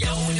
Yo,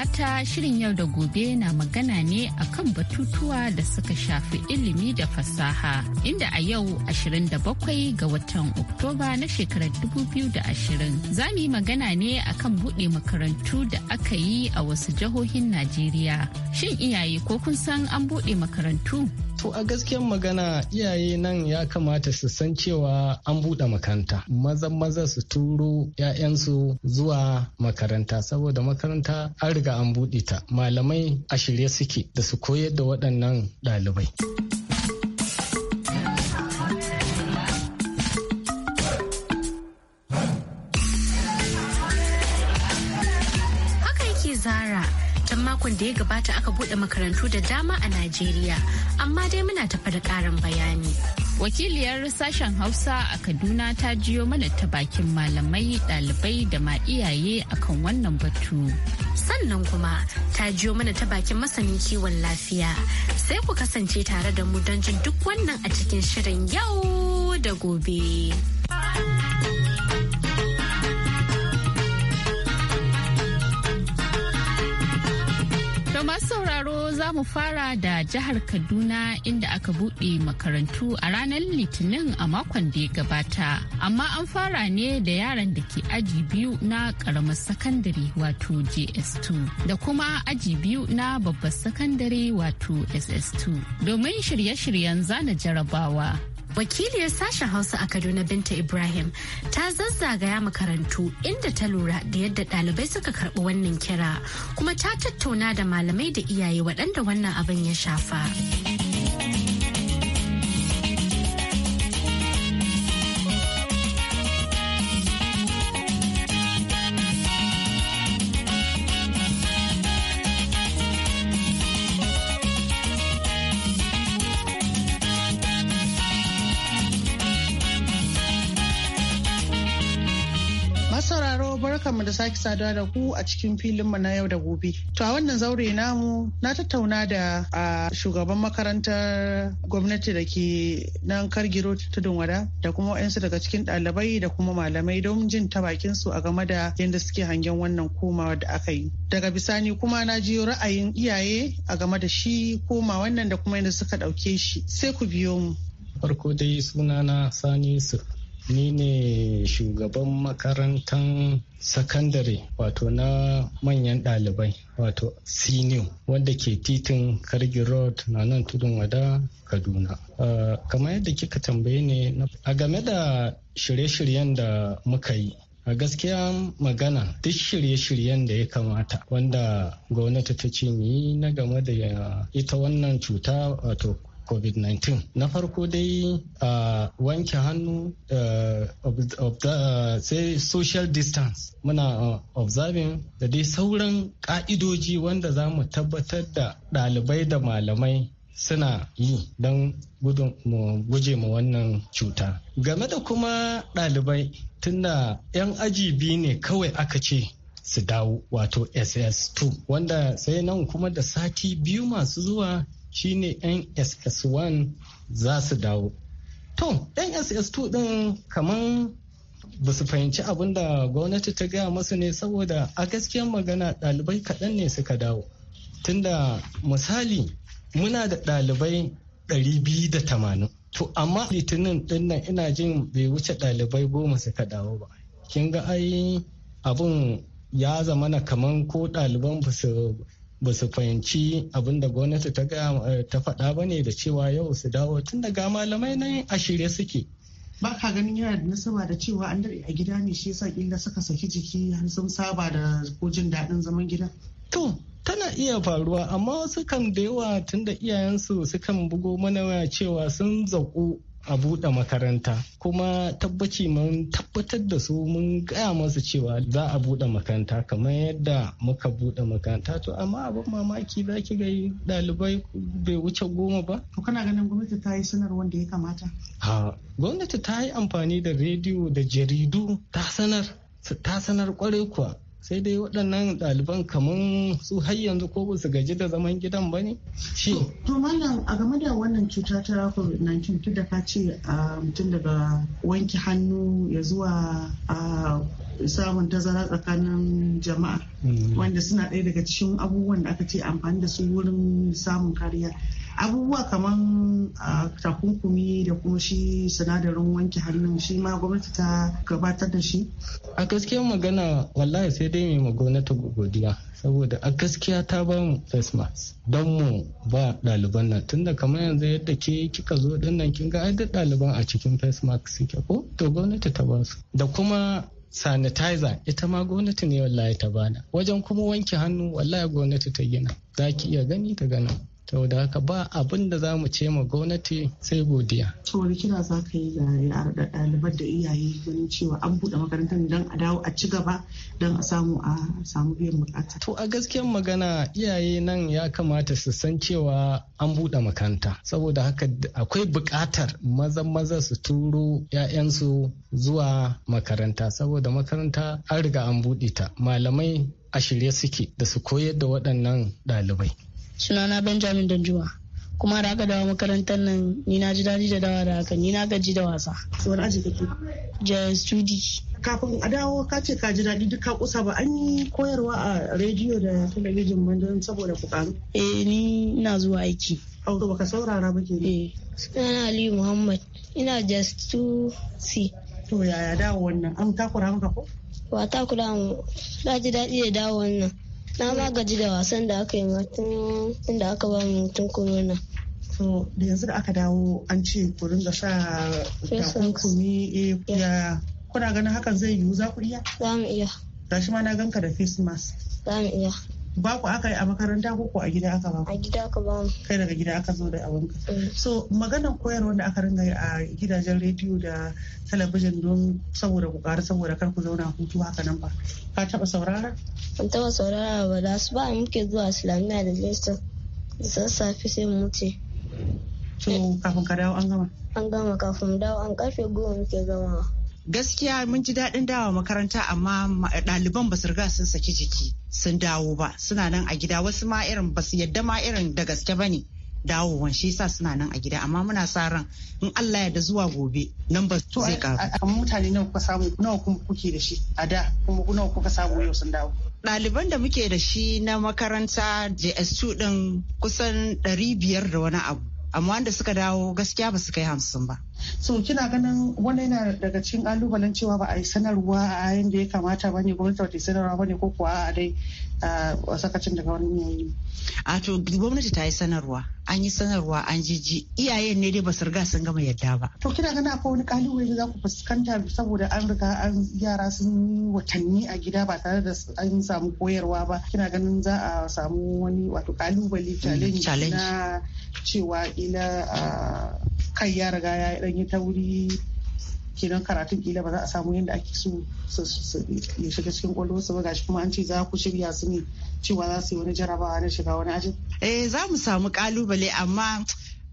mata shirin yau da gobe na magana ne akan batutuwa da suka shafi ilimi da fasaha inda a yau 27 ga watan Oktoba na shekarar 2020 za mu yi magana ne akan buɗe makarantu da aka yi a wasu jihohin Najeriya. Shin iyaye ko kun san an buɗe makarantu? To a gaskiyar magana iyaye nan ya kamata su san cewa an buɗe makaranta. Maza maza su turo 'ya'yansu zuwa makaranta saboda makaranta an riga an buɗe ta malamai a shirye suke da su koyar da waɗannan ɗalibai. Zara tun makon da ya gabata aka buɗe makarantu da dama a Najeriya, amma dai muna tafa da ƙarin bayani. wakiliyar sashen hausa a kaduna ta jiyo mana ta bakin malamai dalibai da ma iyaye akan wannan batu sannan kuma ta jiyo mana ta bakin masanin kiwon lafiya sai ku kasance tare da mu don jin duk wannan a cikin shirin yau da gobe. mu fara da jihar Kaduna inda aka buɗe makarantu a ranar Litinin a makon da ya gabata. Amma an fara ne da yaran da ke aji biyu na ƙaramar sakandare wato JS2 da kuma aji biyu na babbar sakandare wato SS2 domin shirye-shiryen zana jarabawa. wakiliyar sashen hausa a kaduna binta ibrahim ta zazzagaya makarantu inda ta lura da yadda ɗalibai suka karɓi wannan kira kuma ta tattauna da malamai da iyaye waɗanda wannan abin ya shafa. sada da ku a cikin filinmu na yau da gobe. To a wannan zaure namu na tattauna da a shugaban makarantar gwamnati da ke nan Kargiro Tudun Wada da kuma wayansu daga cikin ɗalibai da kuma malamai don jin ta bakin su a game da yadda suke hangen wannan komawa da aka yi. Daga bisani kuma na ji ra'ayin iyaye a game da shi koma wannan da kuma yadda suka ɗauke shi. Sai ku biyo mu. Farko dai sunana Sani ni ne shugaban makarantar sakandare wato na manyan ɗalibai wato senior wanda ke titin kargi road na nan tudun wada kaduna ah, kamar yadda kika tambaye ne a game da shirye-shiryen da muka yi a gaskiya magana duk shirye-shiryen da ya kamata wanda gwamnati ta ce yi na game da ah, ita wannan cuta wato covid-19 na farko dai wanke hannu sai social distance muna observing da dai sauran ka'idoji wanda za mu tabbatar da ɗalibai da malamai suna yi don guje ma wannan cuta. Game da kuma ɗalibai tunda 'yan aji biyu ne kawai aka ce su dawo wato SS2 wanda sai nan kuma da sati biyu masu zuwa shine nss1 za su dawo to nss2 din kaman ba su fahimci abin da gwamnati ta gaya masu ne saboda a gaskiyar magana ɗalibai kaɗan ne suka dawo tunda misali muna da ɗalibai 280 to amma litinin din ɗinnan ina jin bai wuce ɗalibai goma suka dawo ba kin ga ai abin ya zamana kaman ko ɗaliban ba su ba su fahimci abin da gwamnati eh, ta faɗa ba ne da cewa yau su dawo tun daga malamai nan a shirye suke ba ka ganin yana da nasaba da cewa an daɗe a gida ne shi yasa illa suka saki jiki har sun saba da ko jin daɗin zaman gida to tana iya faruwa amma wasu kan da yawa tun da iyayensu sukan bugo mana cewa sun zaƙo a buɗe makaranta kuma tabbaci mun tabbatar da su mun gaya masu cewa za a buɗe makaranta kamar yadda muka buɗe makaranta to amma abin mamaki za ki ga ɗalibai bai wuce goma ba. To kana ganin gwamnati ta yi sanar wanda ya kamata? Ha, gwamnati ta yi amfani da rediyo da jaridu ta sanar ta sanar kwarai kuwa sai dai waɗannan ɗaliban kamar su har yanzu ko ba su gaji da zaman gidan ba ne? Shi. To malam a game da wannan cuta ta COVID-19 tun da ka ce a mutum daga wanke hannu ya zuwa a samun tazara tsakanin jama'a hmm. wanda suna ɗaya daga cikin abubuwan da aka ce amfani da su wurin samun kariya. abubuwa kamar takunkumi da kuma shi sinadarin wanke hannun shi ma gwamnati ta gabatar da shi a gaskiyar magana wallahi sai dai mai gwamnati godiya saboda a gaskiya ta ba mu face mask don mu ba ɗaliban nan tunda kamar yanzu yadda ke kika zo din nan kin ga ai duk ɗaliban a cikin face mask suke ko to gwamnati ta ba su da kuma sanitizer ita ma gwamnati ne wallahi ta bana wajen kuma wanke hannu wallahi gwamnati ta gina za ki iya gani ta gana saboda haka ba abin da za mu ce ma gwamnati sai godiya. to wani kira za ka yi ga ɗaliban da iyaye ganin cewa an buɗe makarantar don a dawo a ci gaba don a samu a samu biyan bukata. to a gaskiyar magana iyaye nan ya kamata su san cewa an buɗe makaranta saboda haka akwai buƙatar maza maza su turo 'ya'yansu zuwa makaranta saboda makaranta an riga an buɗe ta malamai a shirye suke da su koyar da waɗannan ɗalibai. sunana benjamin danjuma kuma da aka dawo makarantar nan ni na ji daji da dawa da haka ni na gaji da wasa wani aji kake ja studi kafin a dawo ka ce ka ji daɗi duk ka kusa ba an yi koyarwa a rediyo da talabijin man don saboda ku karu eh ni ina zuwa aiki au to baka saurara ba ke ne eh. sunana ali muhammad ina just to to yaya dawo wannan an takura maka ko ba takura mu na ji daɗi da dawo wannan na ma gaji da wasan da aka yi ma tun inda aka ba mu tun corona so da yanzu da aka dawo an ce ku dinga sa takunkumi eh, ya kuna ganin hakan zai yiwu za ku iya za mu iya gashi ma na ganka da face mask za mu iya ba ku aka yi a makaranta ko a gida aka ba a gida aka ba kai daga gida aka zo da abin mm. so maganar koyar da aka ringa a gidajen rediyo da talabijin don saboda ku ƙara saboda kar ku zauna hutu haka nan ba ka taɓa saurara ban taɓa saurara ba da su ba muke zuwa islamiyya da lesson da sassafe sai mu wuce to kafin ka dawo an gama an gama kafin mu dawo an karfe goma muke gamawa gaskiya mun ji daɗin dawa makaranta amma ɗaliban ba su riga sun saki jiki sun dawo ba suna nan a gida wasu ma irin ba su yadda ma irin da gaske ba ne dawowan shi sa suna nan a gida amma muna sa ran in Allah ya da zuwa gobe nan ba zai karu. A mutane nawa kuka samu nawa kuma kuke da shi a da kuma nawa kuka samu yau sun dawo. Ɗaliban da muke da shi na makaranta JS2 ɗin kusan ɗari biyar da wani abu amma wanda suka dawo gaskiya ba su kai hamsin ba. so kina ganin wani yana daga cikin kalubalen cewa ba a yi sanarwa a yayin da ya kamata ba ne gwamnati ba ta sanarwa ba ne ko kuwa a dai a sakacin daga wani yayi a to gwamnati ta yi sanarwa an yi sanarwa an jiji iyayen ne dai ba su riga sun gama yadda ba to kina ganin akwai wani kalubale da za ku fuskanta saboda an riga an yara sun yi watanni a gida ba tare da an samu koyarwa ba kina ganin za a samu wani wato kalubale mm, challenge na cewa ila kai ya riga ya dan yi tauri kenan karatun kila ba za a samu yadda ake so ya shiga cikin kwallo su ba gashi kuma an ce za ku shirya su ne cewa za su yi wani jarabawa na shiga wani ajin. eh za mu samu kalubale amma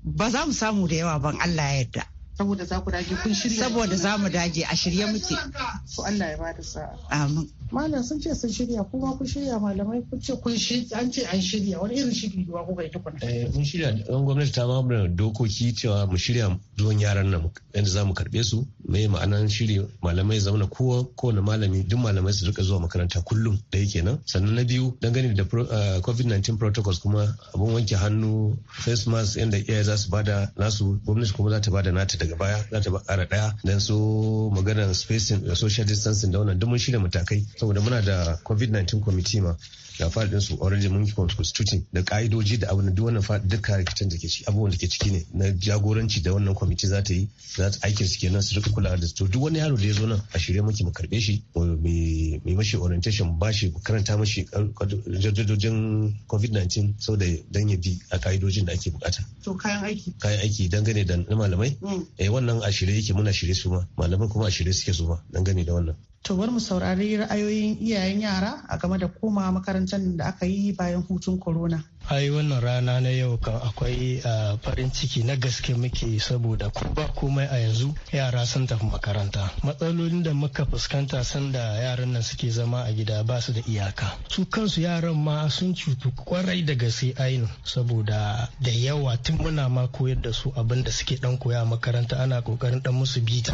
ba za mu samu da yawa ban Allah ya yarda. saboda za ku dage kun shirya saboda za mu dage a shirye muke. so Allah ya da sa'a. amin. malam sun ce sun shirya kuma kun shirya malamai kun ce kun shirya an ce an shirya wani irin shiri ba ku bai tukun eh mun shirya don gwamnati ta ba mu dokoki cewa mu shirya zuwan yaran nan yadda zamu karbe su me ma'anan shiri malamai zamana kowa kowane malami duk malamai su rika zuwa makaranta kullum da yake nan sannan na biyu dangane da eh, covid-19 protocols kuma abun wanke hannu face mask yadda iyaye za su bada nasu gwamnati kuma za ta bada nata daga baya za ta kara daya dan so maganar spacing social distancing da wannan duk mun shirya matakai saboda muna da covid-19 committee ma da faɗin su already mun constituting da ka'idoji da abin duk wannan faɗi duka rikicin da ke ciki abubuwan da ke ciki ne na jagoranci da wannan committee za ta yi za ta aikin su kenan su rika kula da su duk wani yaro da ya zo nan a shirye muke mu karbe shi mai mashi orientation ba shi karanta mashi jadadojin covid-19 saboda dan ya bi a ka'idojin da ake bukata. to kayan aiki. kayan aiki dangane da malamai. Mm. eh wannan a shirye yake muna shirye su ma malamai kuma a shirye suke su ma dangane da wannan. To bar mu saurari ra'ayoyin iyayen yara a game da koma makarantar da aka yi bayan hutun corona. ai wannan rana na yau kan akwai farin ciki na gaske muke saboda ko ba komai a yanzu yara sun tafi makaranta matsalolin da muka fuskanta sanda yaran nan suke zama a gida ba su da iyaka su kansu yaran ma sun cutu kwarai da gaske ainu saboda da yawa tun muna ma koyar da su abin da suke dan koya makaranta ana kokarin dan musu bita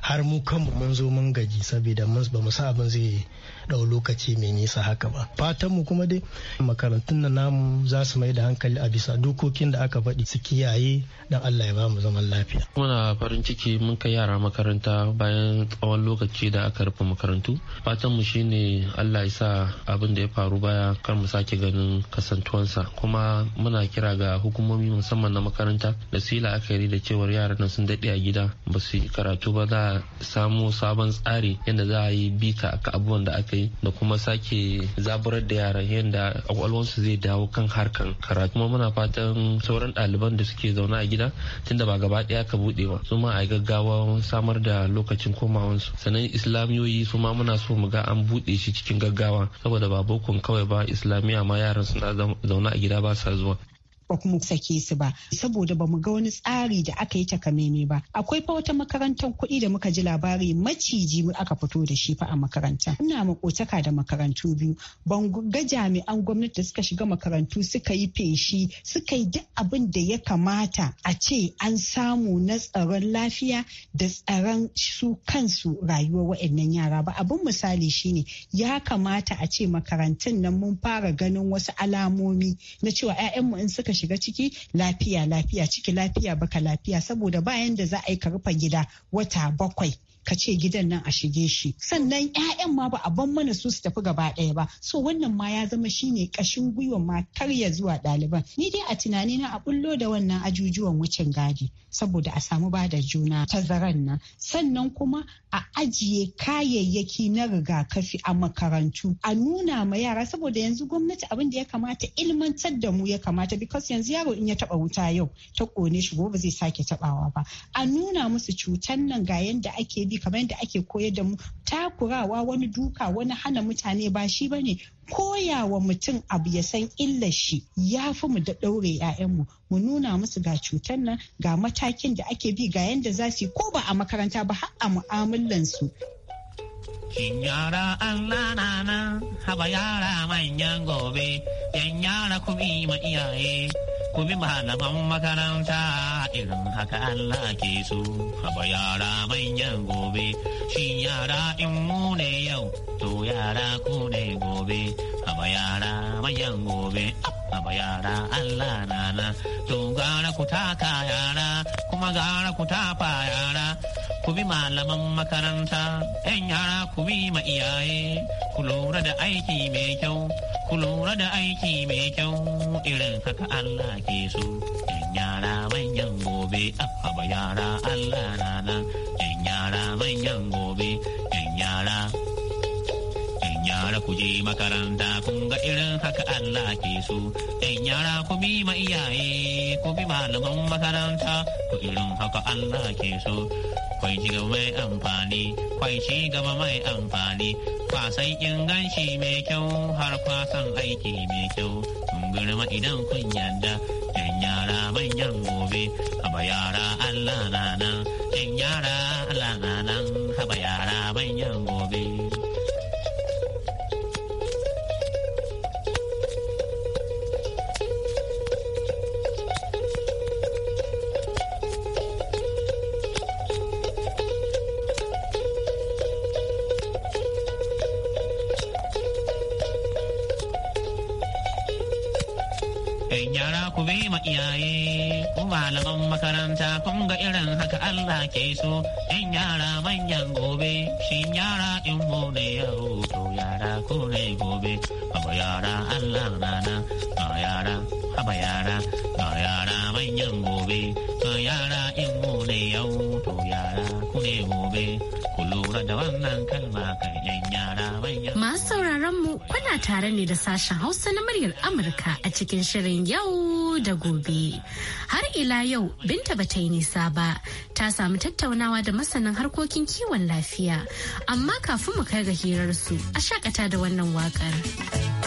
har mu kanmu mun zo mun gaji saboda ba mu sa abin zai dau lokaci mai nisa haka ba fatanmu kuma dai makarantun na namu za su mai da hankali a bisa dokokin da aka faɗi su kiyaye dan Allah ya bamu zaman lafiya muna farin ciki mun kai yara makaranta bayan tsawon lokaci da aka rufe makarantu fatanmu mu shine Allah ya sa abin da ya faru baya kar mu sake ganin kasantuwansa kuma muna kira ga hukumomi musamman na makaranta da su yi la'akari da cewar yaran nan sun daɗe a gida ba su karatu ba za a samo sabon tsari yadda za a yi bita ka abubuwan da aka yi da kuma sake zaburar da yaran yadda kwakwalwarsu zai dawo kan harkan karatu kuma muna fatan sauran ɗaliban da suke zaune a gida tunda ba gaba ɗaya ka buɗe ba su ma a gaggawa samar da lokacin komawansu sannan islamiyoyi su ma muna so mu ga an buɗe shi cikin gaggawa saboda ba bokon kawai ba islamiyya ma yaran suna zaune a gida ba sa zuwa ba kuma sake su ba saboda ba mu ga wani tsari da aka yi takamaimai ba akwai fa wata makarantar kuɗi da muka ji labari maciji mu aka fito da shi fa a makaranta ina makotaka da makarantu biyu ban ga jami'an gwamnati da suka shiga makarantu suka yi feshi suka yi duk abin da ya kamata a ce an samu na tsaron lafiya da tsaron su kansu rayuwar waɗannan yara ba abin misali shine ya kamata a ce makarantun nan mun fara ganin wasu alamomi na cewa 'ya'yanmu in suka shiga ciki lafiya lafiya ciki lafiya baka lafiya saboda bayan da za a yi ka rufe gida wata bakwai ka ce gidan nan a shige shi sannan 'ya'yan ma ba a ban mana su su tafi gaba ɗaya ba so wannan ma ya zama shine kashin gwiwan ma karya zuwa ɗaliban ni dai a tunani na a bullo da wannan ajujuwan wucin gadi saboda a samu bada juna tazaran nan sannan kuma a ajiye kayayyaki na rigakafi a makarantu a nuna ma yara saboda yanzu gwamnati abin da ya kamata ilmantar da mu ya kamata because yanzu yaro in ya taba wuta yau ta kone shi gobe zai sake tabawa ba a nuna musu cutan nan ga yanda ake bi kamar yadda ake koyar da mu takurawa wani duka wani hana mutane ba shi ba ne koyawa mutum abu ya san illar shi ya fi mu da ɗaure 'ya'yanmu mu nuna musu ga cutar nan ga matakin da ake bi ga yadda za su yi ko ba a makaranta ba har a mu'amalansu. Shin yara Allah na nan haba yara manyan gobe, yan yara ku iyaye. ku bi malaman makaranta irin haka Allah ke so, haba yara manyan gobe, shi yara in mu ne yau, to yara ku ne gobe, haba yara manyan gobe, haba yara Allah nana, to gara ku taka yara, kuma gara ku tafa yara. Kubi bi malaman makaranta, ‘yan yara ku bi ma iyaye, ku lura da aiki mai kyau, ku lura da aiki mai kyau. irin haka Allah ke so In yara manyan gobe haba yara Allah rana In yara manyan gobe in yara In yara ku je makaranta kun ga irin haka Allah ke so In yara ku bi ma iyaye ku bi malaman makaranta ku irin haka Allah ke so kwai ci gaba mai amfani kwai ci gaba mai amfani kwasan inganci mai kyau har kwasan aiki mai kyau birma idan kun yanda in yara manyan gobe haba yara Allah na nan in yara Allah na nan haba yara manyan gobe Yan yara ku bi ma iyaye, ku malaman makaranta kun ga irin haka Allah ke so. in yara manyan gobe, shi yara in mu ne yau, to yara ku ne gobe. Haba yara Allah nana, ga yara, haba yara, ga yara manyan gobe. Ga yara in mu ne yau, to yara ku ne gobe. Ku lura da wannan kalma kan yan Masu sauraron mu kuna tare ne da sashen Hausa na muryar Amurka a cikin shirin yau da gobe. Har ila yau Binta ba ta yi nisa ba, ta samu tattaunawa da masanin harkokin kiwon lafiya. Amma kafin mu kai ga su, a shakata da wannan waƙar.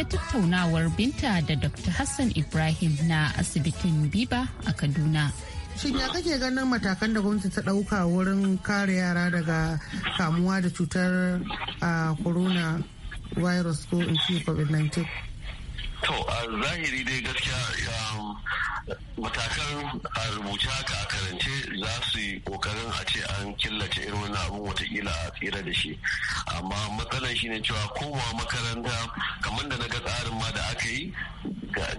sai tattaunawar binta da Dr. Hassan Ibrahim na asibitin Biba a Kaduna. Shin ya kake ganin matakan da gwamnati ta ɗauka wurin kare yara daga kamuwa da cutar corona virus ko in COVID-19? To, a zahiri dai gaskiya um, matakan a rubuce ka a karance za su yi kokarin a ce an killace irin wani abun watakila a tsira da shi amma matsalar shi ne cewa kowa makaranta kamar da na ga tsarin ma da aka yi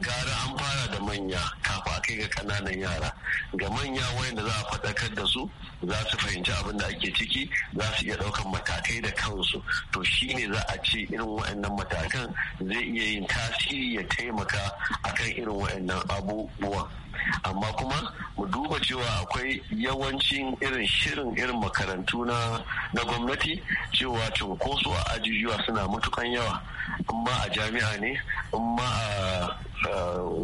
gara an fara da manya kafa kai ga kananan yara ga manya wayanda za a faɗakar da su za su fahimci abin da ake ciki za su iya ɗaukan matakai da kansu to shi ne za a ce irin waɗannan matakan zai iya yin tasiri ya taimaka akan irin waɗannan abubuwan amma kuma mu duba cewa akwai yawancin irin shirin irin makarantu na na gwamnati cewa cunkoso a ajujuwa suna matukan yawa amma a jami'a ne amma a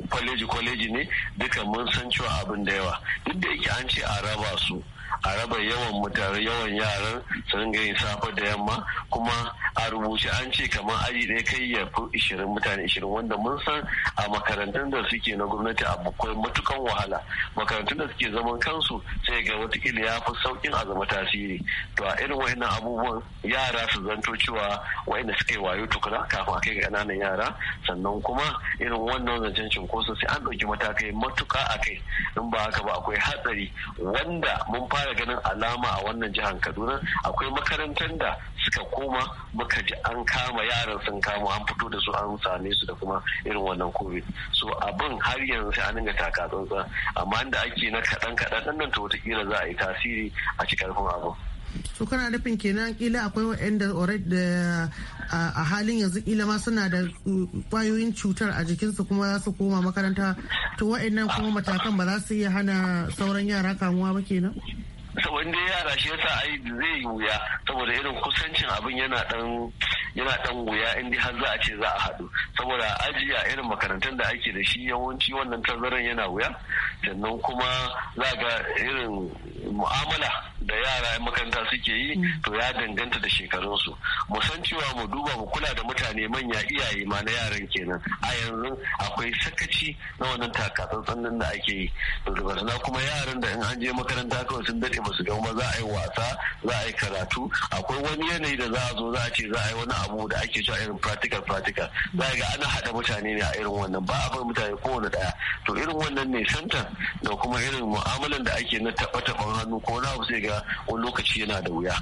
kwaleji-kwaleji ne duka mun san cewa abin da yawa duk da yake an ce a raba su a raba yawan mutane yawan yaran su ringa yin safe da yamma kuma a rubuce an ce kamar aji ɗaya kai ya fi ishirin mutane ishirin wanda mun san a makarantun da suke na gwamnati akwai matukan wahala makarantun da suke zaman kansu sai ga watakila ya fi saukin a zama tasiri to a irin wa'annan abubuwan yara su zanto cewa wa'anda suke wayo tukuna kafin a kai ga ƙananan yara sannan kuma irin wannan zancen cinkoso sai an ɗauki matakai matuka a kai in ba haka ba akwai hatsari wanda mun fara ƙara ganin alama a wannan jihar kaduna akwai makarantar da suka koma muka ji an kama yaran sun kama an fito da su an same su da kuma irin wannan covid so abin har yanzu sai an dinga taka tsantsan amma inda ake na kaɗan kaɗan nan to watakila za a yi tasiri a ci karfin abin kana nufin kenan kila akwai waɗanda da a halin yanzu kila ma suna da kwayoyin cutar a jikinsu kuma su koma makaranta to wa'annan kuma matakan ba za su iya hana sauran yara kamuwa ba kenan wanda dai yara shi yasa ai zai yi wuya saboda irin kusancin abin yana dan yana dan wuya in dai har za a ce za a haɗu saboda ajiya irin makarantun da ake da shi yawanci wannan tazaran yana wuya sannan kuma za ga irin mu'amala da yara makaranta suke yi mm. to ya danganta da shekarunsu mu san cewa mu duba mu kula da mutane manya iyaye ma na yaran kenan a yanzu akwai sakaci na wannan takatsantsan da ake yi to kuma yaran da in an je makaranta kawai sun daɗe ba su gama za a yi wasa za a yi karatu akwai wani yanayi da za a zo za a ce za a yi wani abu da ake cewa irin practical practical za a ga ana haɗa mutane ne a irin wannan ba a bar mutane kowane ɗaya to irin wannan ne santa da kuma irin mu'amalan da ake na taɓa-taɓan hannu ko na sai ga wani lokaci yana da wuya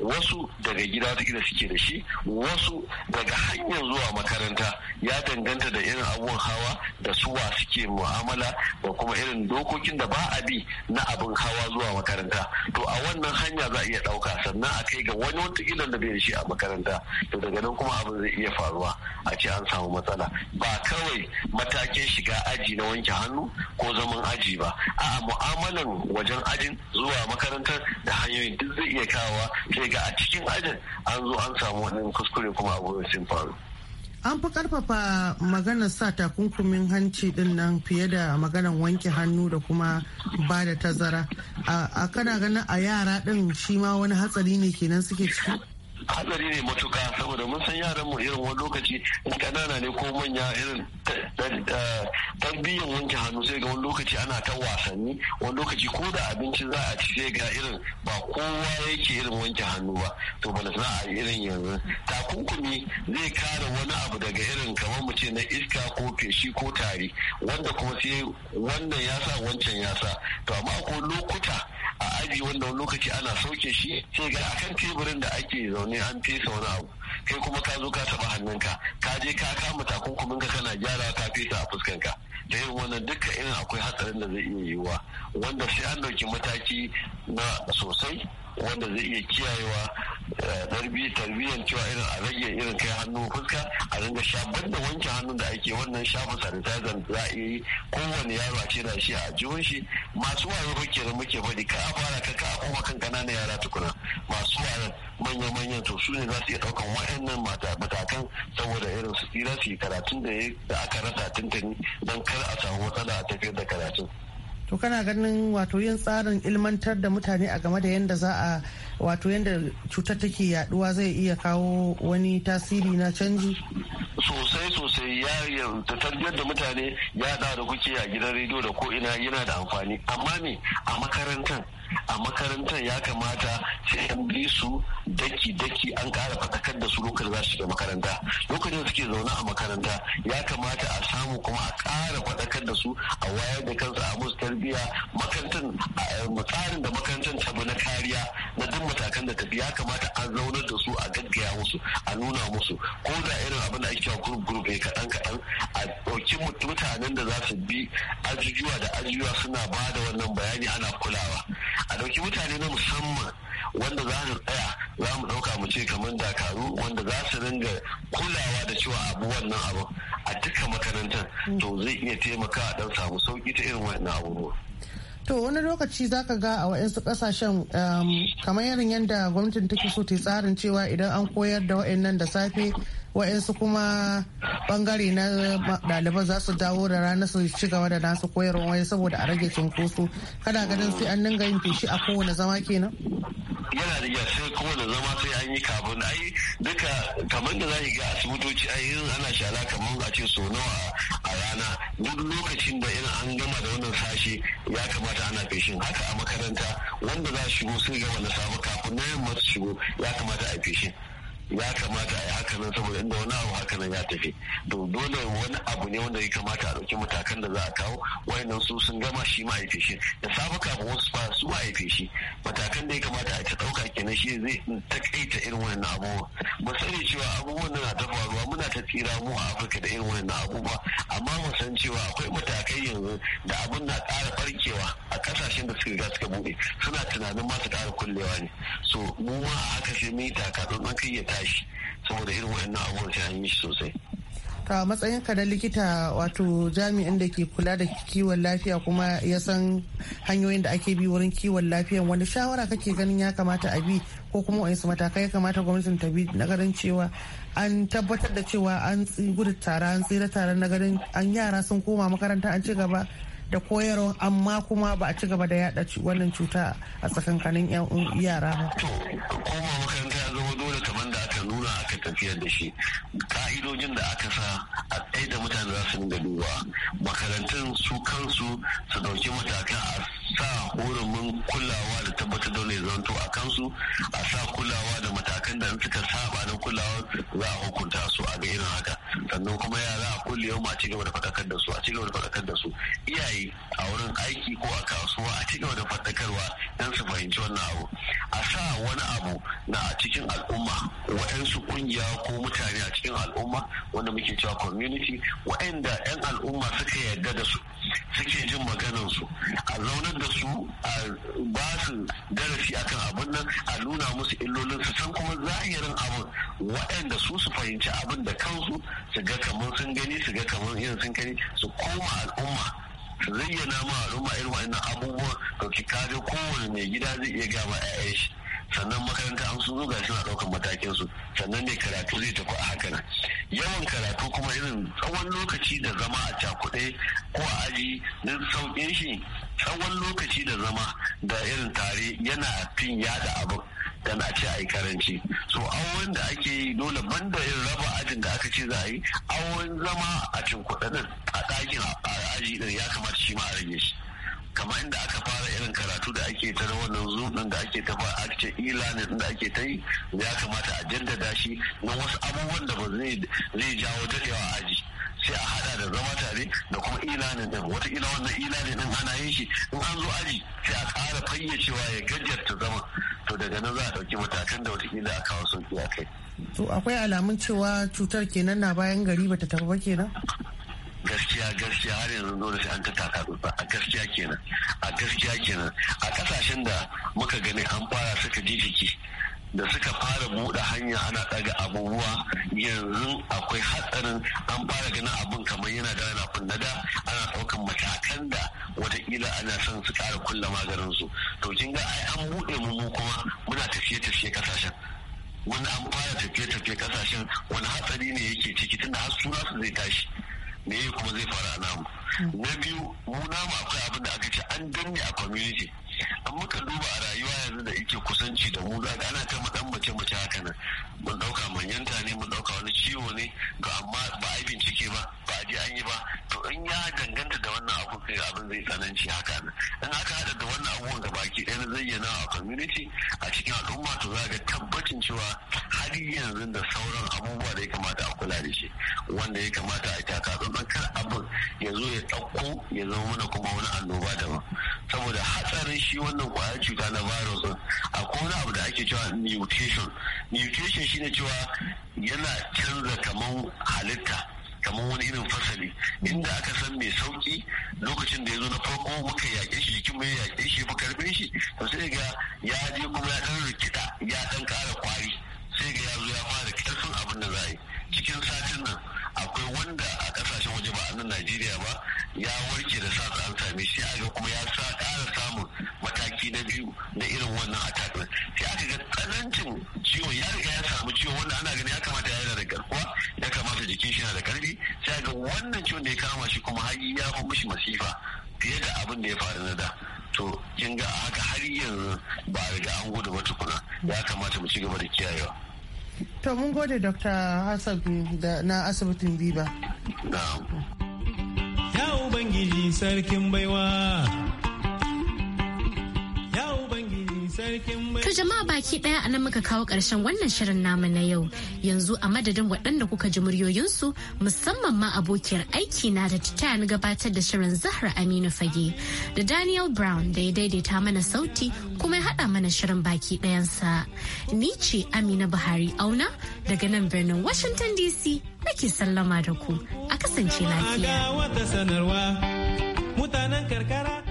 wasu daga gida da suke da shi wasu daga hanyar zuwa makaranta ya danganta da irin abubuwan hawa da suwa suke mu'amala da kuma irin dokokin da ba a bi na abin hawa zuwa makaranta to a wannan hanya za a iya ɗauka sannan a kai ga wani wata da bai shi a makaranta to daga nan kuma abin zai iya faruwa a ce an samu matsala ba kawai matakin shiga aji na wanke hannu ko zaman aji ba a mu'amalan wajen ajin zuwa makarantar da hanyoyin duk zai iya kawowa sai ga a cikin ajin an zo an samu wani kuskure kuma abu sun faru an fi karfafa maganar sa takunkumin hanci din nan fiye da maganar wanke hannu da kuma ba da tazara a kana ganin a yara din shi ma wani hatsari ne kenan suke ciki hatsari ne matuka saboda mun san yaran mu irin wani lokaci in kanana ne ko manya irin tarbiyyar wanke hannu sai ga wani lokaci ana ta wasanni wani lokaci ko da abinci za a ci sai ga irin ba kowa yake irin wanke hannu ba to bala za a irin yanzu takunkumi zai kare wani abu daga irin kamar mu ce na iska ko feshi ko tari wanda kuma sai wannan ya sa wancan ya sa to amma akwai lokuta a aji wanda wani lokaci ana sauke shi sai ga kan teburin da ake zaune an fesa wani abu kai kuma ka zo ka taba hannunka ka je ka kama takunkumin ka kana gyara ka fesa a fuskanka da yin wannan dukkan irin akwai hatsarin da zai iya yiwuwa wanda sai an ɗauki mataki na sosai wanda zai iya kiyayewa eh, tarbiyyar cewa irin a rage irin kai hannu fuska a dinga shafar da wanke hannu da ake wannan shafa sanitizer za a yi kowane yaro a ce da shi a jiwon shi masu wayo ba kenan muke faɗi ka a fara ka ka kuma kan kananan yara tukuna masu wayan manya-manyan to su ne za su iya ɗaukan wa'annan matakan saboda irin su tsira su yi karatun da aka rasa tuntuni don kar a samu matsala a tafiyar da karatun. to kana ganin wato yin tsarin ilmantar da mutane a game da yadda za a wato yadda cutar take yaduwa zai iya kawo wani tasiri na canji sosai sosai ya tafiyar da mutane ya da da kuke a gidan rediyo da ko ina yana da amfani amma ne a makarantar a makarantar ya kamata sai an bi su daki daki an kara fatakar da su lokacin za su shiga makaranta lokacin suke zaune a makaranta ya kamata a samu kuma a kara fatakar da su a wayar da kansu a musu tarbiyya makarantar tsarin da makarantar ta na kariya na duk matakan da tafi ya kamata an zaunar da su a gaggaya musu a nuna musu ko da irin abin da ake cewa group group kaɗan kaɗan a ɗauki mutanen da za su bi ajujuwa da ajujuwa suna ba da wannan bayani ana kulawa a ɗauki mutane na musamman wanda za su tsaya za mu ɗauka mu ce kamar dakaru wanda za su ringa kulawa da cewa abu wannan abu a duka makarantar mm. to zai iya taimakawa a samu sauki ta irin wannan abubuwa. To wani lokaci za ka ga a waɗansu ƙasashen um, kamar irin yadda gwamnatin take so ta tsarin cewa idan an koyar da waɗannan da safe waɗansu kuma bangare na ɗaliban za su dawo da rana su ci gaba da nasu koyarwa wani saboda a rage cunkoso kada ganin sai an dinga yin feshi a kowane zama kenan. yana da ya sai kowane zama sai an yi kafin ai duka kamar da za ga asibitoci ai ana shara kamar a ce so nawa a rana duk lokacin da ina an gama da wannan sashi ya kamata ana feshin haka a makaranta wanda za su shigo sun gama na safe kafin na yamma su shigo ya kamata a feshin ya kamata a yi hakanan saboda inda wani abu hakanan ya tafi to dole wani abu ne wanda ya kamata a dauki matakan da za a kawo wayannan su sun gama shi ma haife shi da safe kafin wasu ba su ma haife shi matakan da ya kamata a ta ɗauka kenan shi zai takaita irin wannan abubuwa ba sani cewa abubuwan nan na ta faruwa muna ta tsira mu a afirka da irin wannan abubuwa amma mu san cewa akwai matakai yanzu da abun na ƙara barkewa a ƙasashen da suka riga suka buɗe suna tunanin ma su ƙara kullewa ne so mu ma a haka sai mun yi an kai ya tashi saboda irin wayannan abubuwan sai an yi shi sosai ta matsayin ka da likita wato jami'in da ke kula da kiwon lafiya kuma ya san hanyoyin da ake bi wurin kiwon lafiyan wani shawara kake ganin ya kamata a bi ko kuma wa'insu matakai ya kamata gwamnatin ta bi na garin cewa an tabbatar da cewa an gudu tara an tsira tara na garin an yara sun koma makaranta an ci gaba da koyarwa amma kuma ba a ci gaba da yada wannan cuta a tsakankanin yara ba. Koma makaranta ya zama dole kamar da ka nuna aka tafiyar da shi ka'idojin da aka sa a tsaye da mutane za su dinga duba makarantun su kansu su ɗauki matakan a sa hurumin kulawa da tabbatar da wani zanto a kansu a sa kulawa da matakan da suka saba na kulawa za a hukunta su a ga irin haka sannan kuma yara a kulle yau a ci gaba da faɗakar da su a ci gaba da faɗakar da su iyaye a wurin aiki ko a kasuwa a ci gaba da faɗakarwa don su fahimci wannan abu a sa wani abu na a cikin al'umma waɗansu kungiya ko mutane a cikin al'umma wanda muke cewa community waɗanda 'yan al'umma suka yarda da su suke jin maganar su zaunar da su a ba su darasi akan abin nan a nuna musu illolin su san kuma zahirin abin waɗanda su su fahimci abin da kansu su ga kamar sun gani su ga kamar yin sun gani su koma al'umma su zayyana ma al'umma irin wa'annan abubuwan to ki kaje kowane mai gida zai iya gama 'ya'yan shi sannan makaranta an su zuga suna ɗaukar matakin su sannan ne karatu zai tafi a hakan yawan karatu kuma irin tsawon lokaci da zama a cakuɗe ko a aji na sauƙin shi tsawon lokaci da zama da irin tare yana fin yada abin dan a ce a yi karanci so awon da ake yi dole banda irin raba ajin da aka ce za a yi awon zama a cin kuɗaɗin a ɗakin a aji ɗin ya kamata shi ma a rage shi kamar inda aka fara irin karatu da ake ta wannan zoom din da ake ta ba ake e-learning da ake ta yi ya kamata a jaddada shi na wasu abubuwan da ba zai jawo dadewa aji sai a hada da zama tare da kuma e-learning din wata ila wannan e-learning din ana yin shi in an zo aji sai a ƙara fayyacewa ya gajarta zama to daga nan za a ɗauki matakan da wataƙila a kawo sauƙi a kai. to akwai alamun cewa cutar kenan na bayan gari bata tafi ba kenan. gaskiya gaskiya har yanzu dole sai an ta taka tsantsa a gaskiya kenan a gaskiya kenan a kasashen da muka gani an fara suka ji jiki da suka fara buɗe hanya ana ɗaga abubuwa yanzu akwai hatsarin an fara ganin abin kamar yana da yana kunnada ana saukan matakan da watakila ana son su ƙara kulla maganin su to kin ga ai an buɗe mu kuma muna tafiye tafiye kasashen wani an fara tafiye tafiye kasashen wani hatsari ne yake ciki tunda har suna su zai tashi me kuma zai fara a namu na biyu mu namu akwai abin da aka ce an danne a community an muka duba a rayuwa yanzu da ike kusanci da mu za ga ana kama dan mace mace haka nan mun dauka manyanta ne mun dauka wani ciwo ne ga amma ba a yi bincike ba ba a je an yi ba to in ya danganta da wannan abu sai abin zai tsananci haka nan in aka hada da wannan abubuwan gaba baki. ɗaya zayyana a community a cikin al'umma to za ga tabbacin cewa har yanzu da sauran abubuwa da ya kamata a kula da shi wanda ya kamata a taka ya zama mana kuma wani annoba daban saboda hatsarin shi wannan kwaya cuta na virus din akwai wani abu da ake cewa mutation mutation shine cewa yana canza kamar halitta kamar wani irin fasali inda aka san mai sauki lokacin da ya zo na farko muka yaƙe shi jikin mai yaƙe shi muka karbe shi to sai ga ya je kuma ya ɗan rikita ya ɗan ƙara kwari sai ga ya zo ya fara sun abin da za a yi cikin satin nan akwai wanda a ƙasashen waje ba a nan Najeriya ba ya warke da sas an same shi aka kuma ya sa ƙara samun mataki na biyu na irin wannan attack sai aka ga tsanancin ciwon ya riga ya samu ciwon wanda ana ganin ya kamata ya yana da garkuwa ya kamata jikin shi yana da karfi sai ga wannan ciwon da ya kama shi kuma har ya fi mishi masifa fiye da abin da ya faru na da to kin ga haka har yanzu ba a riga an gudu ba tukuna ya kamata mu ci gaba da kiyayewa to mun gode dr hassan na asibitin biba na'am ya ubangiji sarkin baiwa To jama'a baki daya anan muka kawo ƙarshen wannan shirin namu na yau. Yanzu a madadin waɗanda kuka ji muryoyinsu musamman ma abokiyar aiki na da ta na gabatar da shirin Zahra Aminu Fage da Daniel Brown da ya daidaita mana sauti kuma ya haɗa mana shirin baki ɗayansa. Ni ce Amina Buhari Auna daga nan birnin Washington DC nake sallama da ku a kasance lafiya.